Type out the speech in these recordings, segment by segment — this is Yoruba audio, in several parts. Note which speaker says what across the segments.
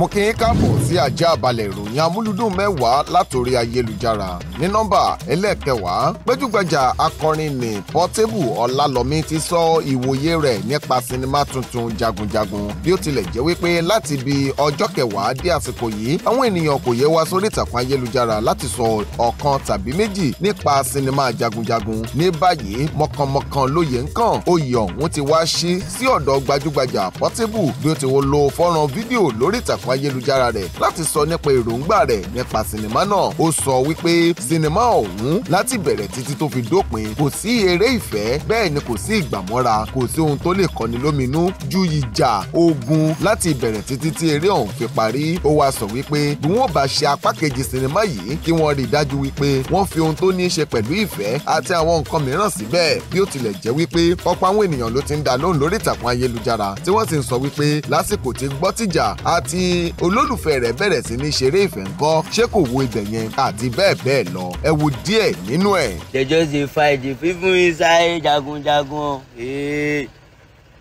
Speaker 1: mo kí yín káàbọ̀ sí ajá balẹ̀ ìròyìn amúlùdùn mẹ́wàá látòrí ayélujára ní nọ́mbà ẹlẹ́ẹ̀kẹwàá gbẹ́júgbajà akọrin ní Portable Ọlálọ́mí ti sọ ìwòye rẹ̀ nípa sinimá tuntun jagunjagun bí ó tilẹ̀ jẹ́ wípé láti bí ọjọ́ kẹwàá dé àsìkò yìí àwọn ènìyàn kò yẹ wá sórí ìtàkùn ayélujára láti sọ ọ̀kan tàbí méjì nípa sinimá jagunjagun ní báyìí mọ̀kànmọ̀kàn lóye nǹkan oyè ọ̀hún ti wá sí sí ọ̀dọ̀ gbajúgbajà Portable bí ó ti wo lo fọ́nrán fídíò lórí ìtàkùn ẹ̀rọ ayélujára rẹ̀ láti sọ nípa èròǹgbà rẹ̀ nípa sinimá náà ó sọ wípé sinimá ọ̀hún láti bẹ̀rẹ̀ títí tó fi dópin kò sí eré ìfẹ́ bẹ́ẹ̀ ni kò sí ìgbàmọ́ra kò sí ohun tó lè kọni lóminú ju ìjà ogun láti ìbẹ̀rẹ̀ títí tí eré ọ̀hún fi parí ó wá sọ wípé bí wọ́n bá ṣe apá kejì sinimá yìí kí wọ́n rí i dájú wípé wọ́n fi ohun tó ní í ṣe pẹ̀lú ìfẹ́ àti àwọn nǹkan mìíràn síbẹ̀ bí ó tilẹ̀ jẹ́ wípé ọ̀pọ̀ àwọn ènìyàn ló ti ń dá lóhùn lórí ìtàkùn ayélujára tí wọ́n sì ń sọ wípé lásìkò tí gbọ́ tìjà àti olólùfẹ́ rẹ̀ bẹ̀rẹ̀ sí ní ṣeré ìfẹ́ ńkọ́ ṣé kò wo ibẹ̀ yẹn àti bẹ́ẹ̀ bẹ́ẹ̀ lọ ẹ wo díẹ̀ nínú ẹ̀. they just dey fight dey fífún inside jagunjagun ee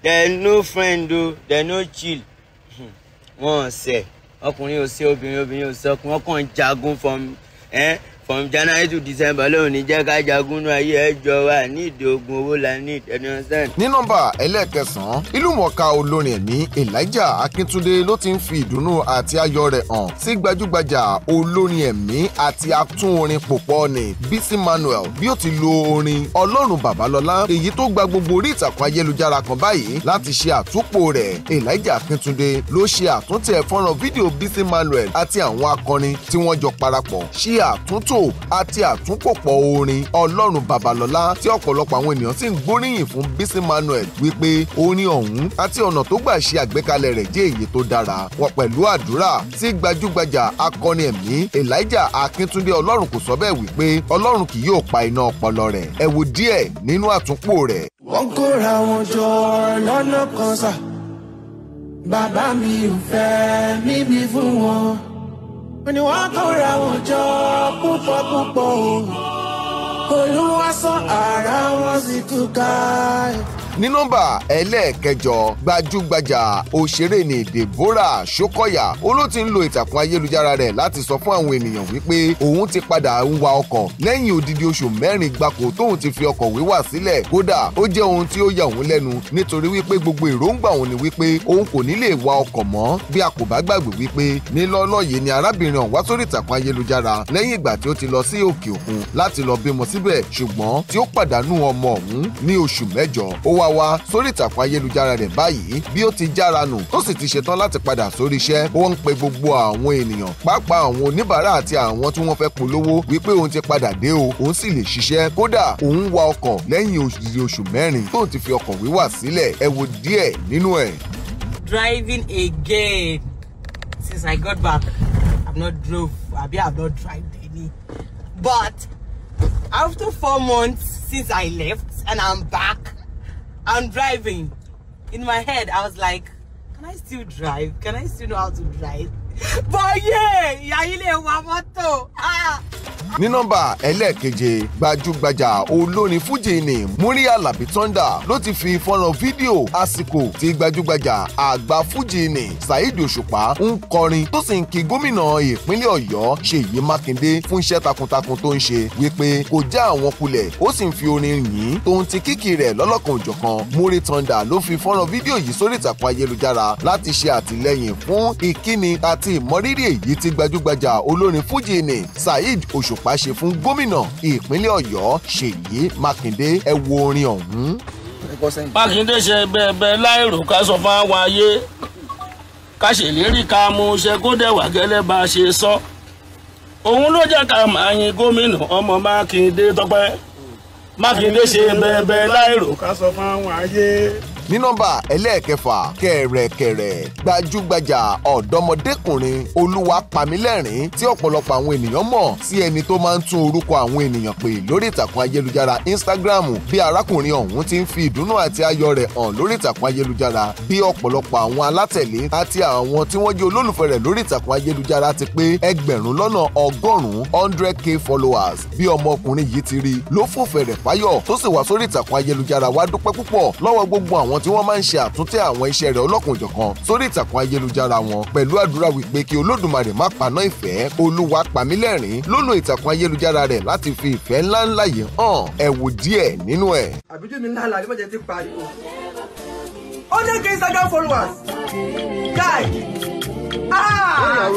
Speaker 1: they no friend o they no chill hmm. wọn ṣe ọkùnrin ò ṣe obìnrin obìnrin ò ṣe ọkùnrin ọkàn jagun from. Eh? from january to december lóun ní jẹ́ ká jagunnú ayé ẹjọ́ wa ní ìdí ogun owó la ní ìtẹnusẹ́n. ní nọ́mbà ẹlẹ́ẹ̀kẹsàn-án ìlúmọ̀ọ́ká olórin ẹ̀mí elijah akíntúndé ló ti ń fi ìdùnnú àti ayọ̀ rẹ̀ hàn sí gbajúgbajà olórin ẹ̀mí àti atún orin pòpọ̀ ní bisi manuel bí ó ti lo orin ọlọ́run babalọ́lá èyí tó gba gbogbo orí ìtàkùn ayélujára kan báyìí láti ṣe àtúpò rẹ̀ elijah akíntúndé ló ṣe àtúntẹ̀ fọ́nrán fídíò bisi manuel àti àwọn akọrin tí wọ́n jọ parapọ̀ ṣe àtúntò àtúnrò àti àtúnpòpọ̀ orin ọlọ́run babalọ́lá tí ọ̀pọ̀lọpọ̀ àwọn ènìyàn sì ń gbóríyìn fún Bísí Manuel wípé orin ọ̀hún àti ọ̀nà tó gbà ṣe àgbékalẹ̀ rẹ̀ jẹ́ èyí tó dára wọ́n pẹ̀lú àdúrà tí gbajúgbajà akọni ẹ̀mí Elijah Akíntúndé ọlọ́run kò sọ bẹ́ẹ̀ wípé ọlọ́run kì yóò pa iná ọpọlọ rẹ̀ ẹ wo díẹ̀ nínú àtúnpò rẹ̀. wọ́n kóra wọn jọ lọ́nà kan sà bàbá mi ò fẹ́ mímí fún wọn wọ́n ní wọ́n kóra wọn jọ púpọ̀ púpọ̀ o olúwa sọ ara wọn sì túká ní nọ́mbà ẹlẹ́ẹ̀kẹjọ gbajúgbajà òṣèré ni Deborah Shokoya olóòtú ń lo ìtàkùn ayélujára rẹ̀ láti sọ fún àwọn ènìyàn wípé òun ti padà ń wa ọkọ̀ lẹ́yìn odidi oṣù mẹ́rin gbáko tóun ti fi ọkọ̀ wíwà sílẹ̀ kódà ó jẹ́ ohun tí ó yà òun lẹ́nu nítorí wípé gbogbo èròǹgbà òun ni wípé òun kò ní lè wa ọkọ̀ mọ́ bí a kò bá gbàgbé wípé nílọ́lọ́ yìí ni arábìnrin ọ̀hún wá sórí ìtàkùn ayélujára lẹ́yìn ìgbà tí ó ti lọ sí òkè òkun láti lọ bímọ síbẹ̀ ṣùgbọ́n tí ó pàdánù ọmọ ọ̀hún ní oṣù mẹ́jọ wa sórí ìtàkùn ayélujára rẹ̀ báyìí bí ó ti jára nù tó sì ti ṣetán láti padà sórí iṣẹ́ ó ń pe gbogbo àwọn ènìyàn pàápàá àwọn oníbàárà àti àwọn tí wọ́n fẹ́ polówó wípé òun ti padà dé o òun sì lè ṣiṣẹ́ kódà òun wa ọkọ̀ lẹ́yìn òṣìṣẹ́ oṣù mẹ́rin tó ti fi ọkọ̀ wíwà sílẹ̀ ẹ wo díẹ̀ nínú ẹ̀. Driving again since I got back I've not drove abi I've not driven any but after four months since I left and I'm back I'm driving. In my head, I was like, can I still drive? Can I still know how to drive? bọ́yé ìyá ilé wa mọ́tò. Ah. ní nọ́mbà ẹlẹ́ẹ̀keje gbajúgbajà olórin fújì ni múrí alábí thunder ló ti fi fọ́nrán fídíò àsìkò tí gbajúgbajà àgbà fújì ni saheed òṣùpá ń kọrin tó sì ń kí gómìnà ìpínlẹ̀ ọ̀yọ́ ṣèyí mákindé fún iṣẹ́ takuntakun tó ń ṣe wípé kò já àwọn kulẹ̀ ó sì ń fi orin yìí tòun ti kíkì rẹ̀ lọ́lọ́kan òjọ̀kan múrí thunder ló fi fọ́nrán fídíò yìí sórí ìtàkùn ayélujára láti ṣe àtìlẹ́yìn fún ìkíni àti àti ìmọrírì èyí tí gbajúgbajà olórin fújì ni saheed òṣùpá ṣe fún gómìnà ìpínlẹ̀ ọ̀yọ́ ṣèyí mákindé ẹ wo orin ọ̀hún. mákindé ṣe bẹ́ẹ̀bẹ́ẹ̀ láìrò ká sọ fún àwọn ayé ká ṣèlérí ká mú iṣẹ́ kó dẹ̀wà gẹ́lẹ́ bá a ṣe sọ òun ló jẹ́ ká máa yin gómìnà ọmọ mákindé tọpẹ́ mákindé ṣe bẹ́ẹ̀bẹ́ẹ̀ láìrò ká sọ fún àwọn ayé ní nọ́mbà ẹlẹ́ẹ̀kẹfà kẹ̀rẹ̀kẹ̀rẹ̀ gbajúgbajà ọ̀dọ́mọdékùnrin olúwapamílẹ́rìn tí ọ̀pọ̀lọpọ̀ àwọn ènìyàn mọ̀ sí ẹni tó máa ń tún orúkọ àwọn ènìyàn pè lórí ìtàkùn ayélujára Instagram bí arákùnrin ọ̀hún ti ń fi ìdùnnú àti ayọ̀ rẹ̀ hàn lórí ìtàkùn ayélujára bí ọ̀pọ̀lọpọ̀ àwọn alátẹ̀lé àti àwọn tí wọ́n jẹ́ olólùfẹ́ rẹ̀ lórí ìtàkùn ayélujára ti pé ẹgbẹ̀rún lọ́nà ọgọ́rùn-ún hundred k followers bí ọmọkùnrin yìí ti rí ló fòfẹ̀rẹ̀ fáyọ̀ tó sì wá sórí ìtàkùn ayélujára wá dúpẹ́ púpọ̀ lọ́wọ́ gbogbo àwọn tí wọ́n máa ń ṣe àtúntẹ̀ àwọn iṣẹ́ rẹ̀ ọlọ́kanòjọ̀kan sórí ìtàkùn ayélujára wọn pẹ̀lú àdúrà wípé kí olódùmarè má paná ìfẹ́ olúwa pàmílẹ́rìn ló ìtàkùn ayélujára rẹ̀ láti fi ìfẹ́ ńláńlá yìí hàn ẹ wò díẹ̀ nínú ẹ̀. àbíjú mi ńlá làlẹ́ mọ̀jẹ̀ ti pariwo ó ní kí Instagram followers guy ah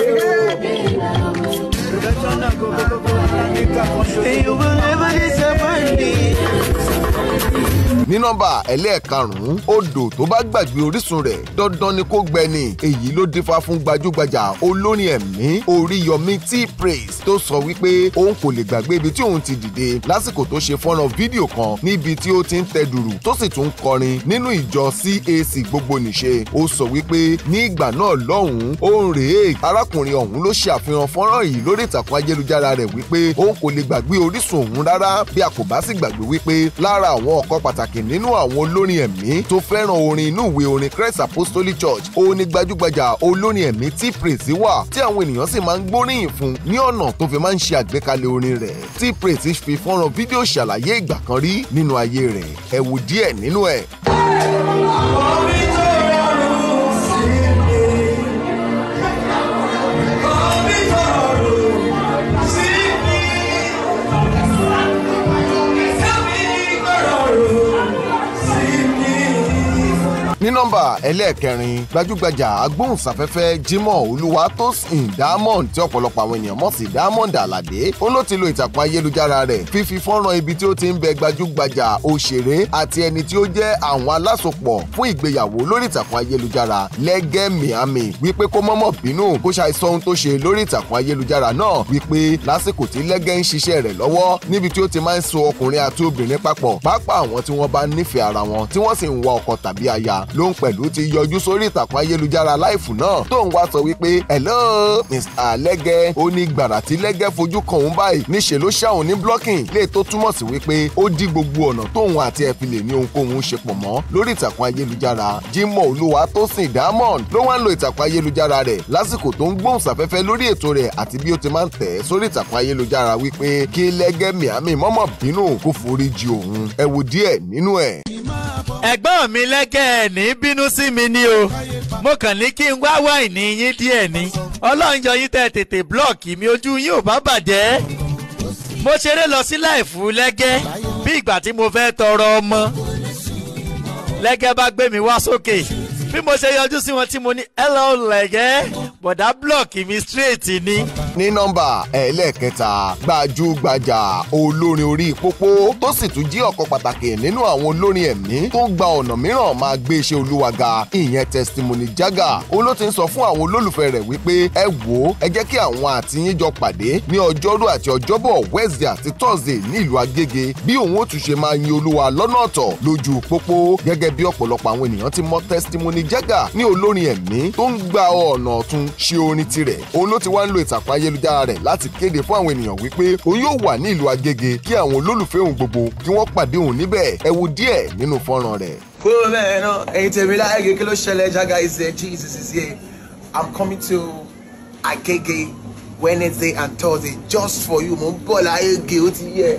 Speaker 1: ní nọ́mbà ẹlẹ́ẹ̀karùn-ún odò tó bá gbàgbé orísun rẹ̀ dandan ni kó gbẹni èyí ló dífá fún gbajúgbajà olórin ẹ̀mí Oríyọmí T-Praise tó sọ wípé òun kò lè gbàgbé ibi tí òun ti dìde lásìkò tó ṣe fọ́nrán fídíò kan níbi tí ó ti ń tẹ dùrù tó sì tún kọrin nínú ìjọ CAC gbogbo nìṣe ó sọ wípé ní ìgbà náà lọ́hùn-ún òun rèé arákùnrin ọ̀hún ló ṣe àfihàn fọ́nrán yìí lórí ìtàkùn ayélujára rẹ̀ wípé òun kò lè gbàgbé orísun òun rárá bí a kò bá sì gbàgbé wípé lára àwọn ọ̀kan pàtàkì nínú àwọn olórin ẹ̀mí tó fẹ́ràn orin inú ìwé orin Christ Apostolic Church òun ni gbajúgbajà olórin ẹ̀mí tí Praise wà tí àwọn ènìyàn sì máa ń gbóríyìn fún ní ọ̀nà tó fi máa ń ṣe àgbékalẹ̀ orin rẹ̀ tí Praise fi fọ́nrán fídíò ṣàlàyé ìgbà kan rí nínú ayé rẹ̀ ẹ díẹ̀ nínú ẹ̀. nọ́mbà ẹlẹ́ẹ̀kẹrin gbajúgbajà agbóhùnsáfẹ́fẹ́ Jimoh Olúwatósìn Diamond tí ọ̀pọ̀lọpọ̀ àwọn ènìyàn mọ̀ sí Diamond Alade ó ló ti lo ìtàkùn ayélujára rẹ̀ fífi fọ́nrán ibi tí ó ti ń bẹ gbajúgbajà òṣèré àti ẹni tí ó jẹ́ àwọn alásopọ̀ fún ìgbéyàwó lórí ìtàkùn ayélujára lẹ́gẹ́ miami wípé kó mọ́mọ́ bínú kó ṣàìsọ ohun tó ṣe lórí ìtàkùn ayélujára náà wípé lásìkò tí lẹ́gẹ́ ń ṣiṣẹ́ rẹ̀ lọ́wọ́ níbi tí ó ti máa ń so ọkùnrin àti obìnrin papọ̀ pàápàá àwọn tí wọ́n bá nífẹ̀ẹ́ ara wọn tí wọ́n sì ń wá ọkọ tàbí aya l lóhùn pẹ̀lú ti yọjú sórí ìtàkùn ayélujára láìfù náà tóun wá sọ wípé hello mr lẹ́gẹ́ ó ní gbàrà tí lẹ́gẹ́ fojú kan òun báyìí níṣẹ́ ló ṣàwọn ní blocking lè tó túmọ̀ sí wípé ó dí gbogbo ọ̀nà tóun àti ẹ̀fìn lè ní ohunkóhun ṣe pọ̀ mọ́ lórí ìtàkùn ayélujára Jimoh Olúwatósìn Diamond ló wá ń lo ìtàkùn ayélujára rẹ̀ lásìkò tó ń gbóhùnsáfẹ́fẹ́ lórí ètò rẹ̀ àti bí ó ti máa ń tẹ̀ sórí ìtàkùn ayélujára wípé kí lẹ́gẹ́ mìámì mọ́mọ́ bínú kó forí jì òun ẹ díẹ̀ nínú ẹ̀. ẹ̀gbọ́n mi lẹ́gẹ́ ní ní bínú sí mi ni o mo kàn ní kí n wá wáìnì yín díẹ̀ ni ọlọ́run yọ yín tẹ́ tètè blọ́ọ̀kì mi ojú yín ò bá bàjẹ́ mo ṣeré lọ sí láìfù lẹ́gẹ́ bí ìgbà tí mo fẹ́ tọrọ ọmọ lẹ́gẹ́ bá gbé mi wá sókè. Okay bí mo ṣe yọjú sí wọn tí mo ní hello lẹ̀gẹ́ bọ̀dá block mi straight ni. ní nọ́mbà ẹlẹ́ẹ̀kẹta gbajúgbajà olórin orí pópó tó sì tún jí ọ̀kan pàtàkì nínú àwọn olórin ẹ̀mí tó gba ọ̀nà mìíràn máa gbé iṣẹ́ olúwa ìyẹn testimony jaga olóòtú ń sọ fún àwọn olólùfẹ́ rẹ̀ wípé ẹ wò ó ẹ jẹ́ kí àwọn àtìyín jọ pàdé ní ọjọ́rú àti ọjọ́bọ̀ wednesday àti thursday ní ìlú agége bí òun ó tún ṣe máa yin olúwa lọ́nà ọ̀tọ̀ lójú pópó gẹ́gẹ́ bí ọ̀pọ̀lọpọ̀ àwọn ènìyàn ti mọ̀ testimony Sammy Jagger ní olórin ẹ̀mí tó ń gba ọ̀nà ọ̀tun ṣe orin tirẹ̀ òun ló ti wá ń lo ìtàkùn ayélujára rẹ̀ láti kéde fún àwọn ènìyàn wípé òun yóò wà ní ìlú Agége kí àwọn olólùfẹ́ òun gbogbo kí wọ́n pàdé òun níbẹ̀ ẹ wo díẹ̀ nínú fọ́nrán rẹ̀. kúrò bẹ́ẹ̀ náà ẹ̀yin tèmi láàyè kí ló ṣẹlẹ̀ Jagger is Jesus is here I'm coming to Agége Wednesday and Thursday just for you mo ń bọ̀ láyé ge ó ti yẹ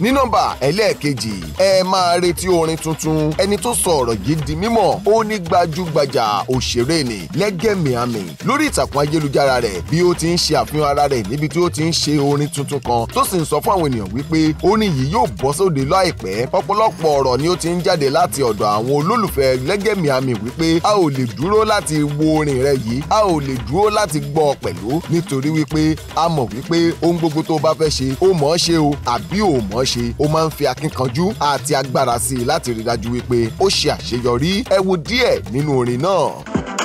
Speaker 1: ní nọ́mbà ẹlẹ́ẹ̀kejì ẹ máa retí orin tuntun ẹni tó sọ ọ̀rọ̀ yìí di mímọ̀ ó ní gbajúgbajà òṣèré ni lẹ́gẹ̀mìàmì lórí ìtàkùn ayélujára rẹ̀ bí ó ti ń ṣe àfihàn ara rẹ̀ níbi tí ó ti ń ṣe orin tuntun kan tó sì ń sọ fún àwọn ènìyàn wípé orin yìí yóò bọ́ sóde láìpẹ́ ọ̀pọ̀lọpọ̀ ọ̀rọ̀ ni ó ti ń jáde láti ọ̀dọ̀ àwọn olólùfẹ́ lẹ́gẹ̀mìàmì wípé a ò lè dúró láti wo orin rẹ yìí a ò lè dúró láti gbọ́ ọ pẹ̀lú nítorí wípé a mọ̀ wípé ohun gbogbo tó o bá fẹ́ ṣe o mọ̀ ọ́ ṣe o àbí o mọ̀ ọ́ ṣe ó máa ń fi akínkanjú àti agbára sí i láti rí dájú wípé ó ṣe àṣeyọrí ẹ wo díẹ̀ nínú orin náà.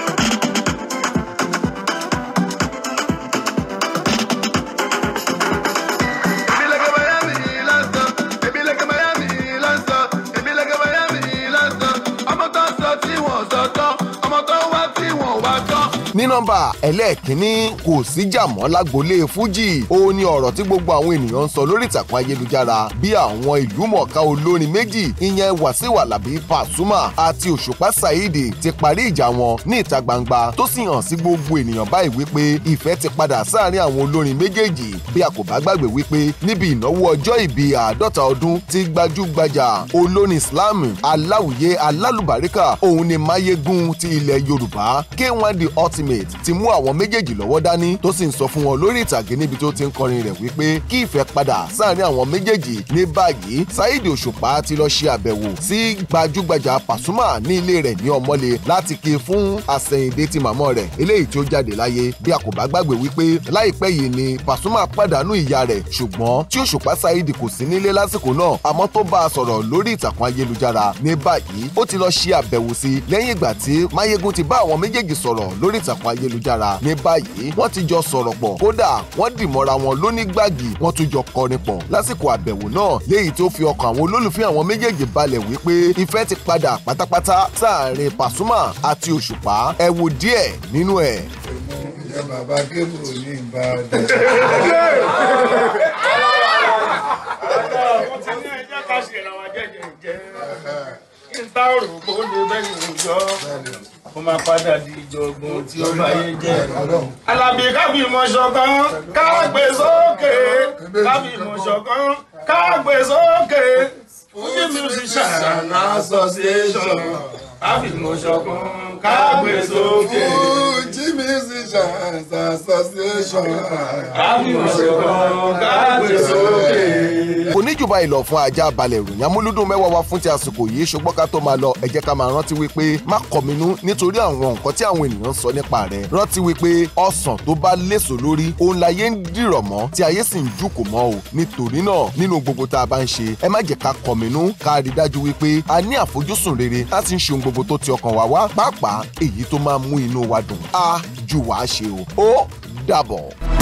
Speaker 1: ní nọ́mbà ẹlẹ́ẹ̀kínní kò síjà mọ́ lágboolé fújì òun ni ọ̀rọ̀ tí gbogbo àwọn ènìyàn ń sọ lórí ìtàkùn ayélujára bí àwọn ìlúmọ̀ọ́ká olórin méjì ìyẹn Wàsíù Àlàbí Pasuma àti Òṣùpá Saheed ti parí ìjà wọn ní ìta gbangba tó sì hàn sí gbogbo ènìyàn báyìí wípé ìfẹ́ ti padà sáàárín àwọn olórin méjèèjì bí a kò bá gbàgbé wípé níbi ìnáwó ọjọ́ ìbí àádọ́ta ọdún ti gbajúgbajà olórin Islam aláwùyé alálùbáríkà òun ni máyégún ti ilẹ̀ Yorùbá K1 the ultimate Ultimate ti mú àwọn méjèèjì lọ́wọ́ dání tó sì ń sọ fún wọn lórí ìtàgé níbi tó ti ń kọrin rẹ̀ wípé kí ìfẹ́ padà sáàrin àwọn méjèèjì ní báyìí Saheed Òṣùpá ti lọ ṣe àbẹ̀wò sí gbajúgbajà Pasuma ní ilé rẹ̀ ní Ọmọlé láti kí fún àsẹ̀yìndé ti màmá rẹ̀ eléyìí tí ó jáde láyé bí a kò bá gbàgbé wípé láìpẹ́ yìí ni Pasuma pàdánù ìyá rẹ̀ ṣùgbọ́n tí Òṣùpá Saheed kò sí nílé lásìkò náà àmọ́ tó bá a sọ̀rọ̀ lórí ìtàkùn ayélujára ní báyìí ó ti lọ ṣe àbẹ̀wò sí lẹ́yìn ìgbà tí Máyégún ti bá àwọn méjèèjì sọ̀rọ̀ lórí ìtàkùn ìtàkùn ayélujára ní báyìí wọ́n ti jọ sọ̀rọ̀ pọ̀ kódà wọ́n dì mọ́ra wọn lónígbàgì wọ́n tún jọ kọrin pọ̀ lásìkò àbẹ̀wò náà léyìí tó fi ọkàn àwọn olólùfẹ́ àwọn méjèèjì balẹ̀ wípé ìfẹ́ ti padà pátápátá sáàrin Pasuma àti Òṣùpá ẹ wo díẹ̀ nínú ẹ̀. ẹ bàbá débùrò ní Ìbàdàn. Tá òrùn bó lè máa padà di ìjọ̀gbọ̀n tí ó bá yé jẹ́. alábì kábì mọ̀ ṣọ̀kan káàgbé sókè kábì mọ̀ ṣọ̀kan káàgbé sókè fújì musician association kábì mọ̀ ṣọ̀kan kágbé sókè. Fuji musicians association. kágbé sókè kágbé sókè. kò ní jù báyìí lọ fún ajá balẹ̀ ìròyìn amúlúdùn mẹ́wàá wa fún ti àsìkò yìí ṣùgbọ́n ká tó máa lọ ẹ jẹ́ ká máa rántí wípé má kọ̀mínú nítorí àwọn nǹkan tí àwọn ènìyàn ń sọ nípa rẹ̀ rántí wípé ọsàn tó bá léso lórí òun láyé ń dìrọ̀ mọ́ tí ayé sì ń jù mọ́ o nítorí náà nínú gbogbo tá a bá ń ṣe ẹ má jẹ́ ká kọ̀mínú ká rí dájú wípé a ní àfojúsùn rere láti ń ṣe ohun gbogbo tó ti ọkàn wá wá pàápàá èyí tó máa mú inú wa dùn á ju wàá ṣe o ó dàbọ̀.